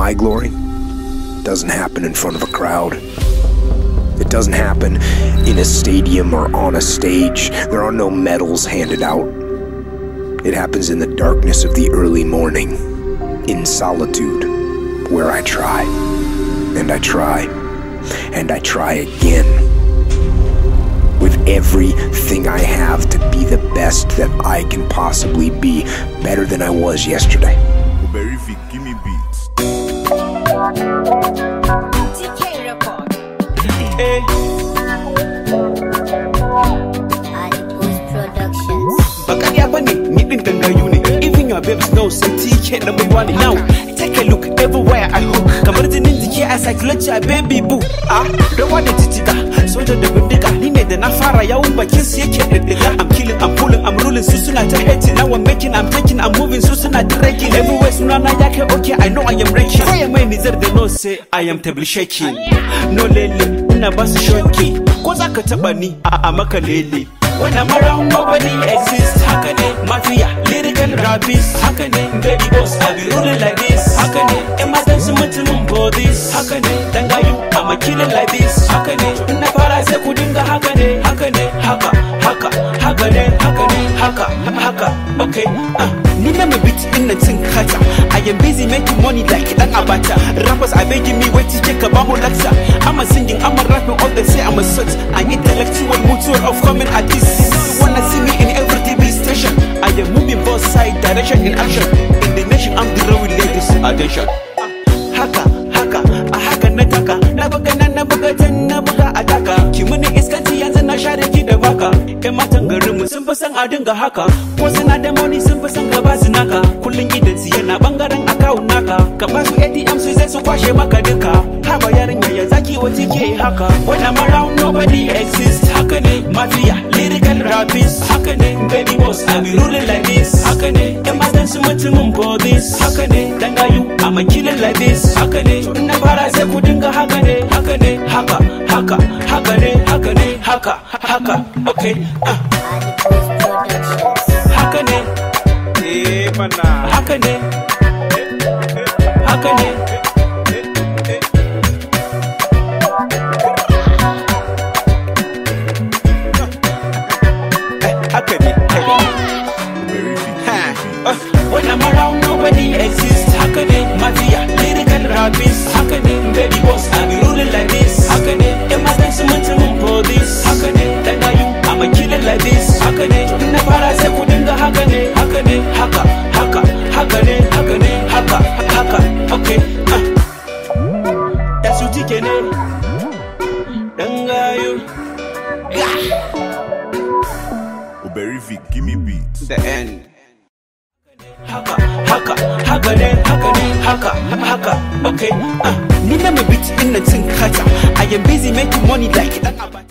my glory doesn't happen in front of a crowd. It doesn't happen in a stadium or on a stage. There are no medals handed out. It happens in the darkness of the early morning, in solitude, where I try, and I try, and I try again with everything I have to be the best that I can possibly be, better than I was yesterday. Hey. Baka ya bane ni din gangayu ne even your babes know say TK number one now take a look everywhere I look. hook kamar jinin jiki a psychology baby boo ah don't want it titika soja da na fara yawon bakin su yake diddiga I'm killing I'm pulling I'm ruling su suna ta hating now I'm making I'm taking I'm moving su suna ta raking everywhere suna na ya kai okay I know I am raking koya mai nizar da no say I am table shaking no lele ina ba su shoki ko za ka taba ni a maka lele wannan maran nobody exist haka ne mafia lyrical rabbis haka ne baby boss I be ruling like this haka ne in matan su mutumin bodies haka ne dan I'm a killer like this haka ne cutter. I am busy making money like an abata. Rappers are begging me where to check a bubble like that. I'm a singing, I'm a rapper, all they say I'm a sut. An intellectual mutual of coming at this. You wanna see me in every TV station. I am moving both side direction in action. In the nation, I'm the road ladies. Attention. Haka, haka, a haka na taka. Na buga na na buga na ataka. Kimuni is kati, yanzana, shari, share ki da baka. Kai fi san a dinga haka ko sinadamoni sun fi son gaba su naka kullum idan su yana bangaren akawun naka ka ba su atm su sai su kwashe maka duka haba yarinya ya zaki wace ke haka wanda around nobody exists haka ne mafia lyrical rapist haka ne baby boss I be ruling like this haka ne yan matan su mutumin for this haka ne dan gayu I'm a killer like this haka ne to ina fara sai ku dinga haka ne haka ne haka haka haka ne haka ne haka haka okay ah uh. How can ne kuti kenan dan gayo Uberific, give me beats. The end. Haka, haka, haka ne, haka ne, haka, haka, okay. Uh, ah, ni na mai beat din na cin kata. I am busy making money like an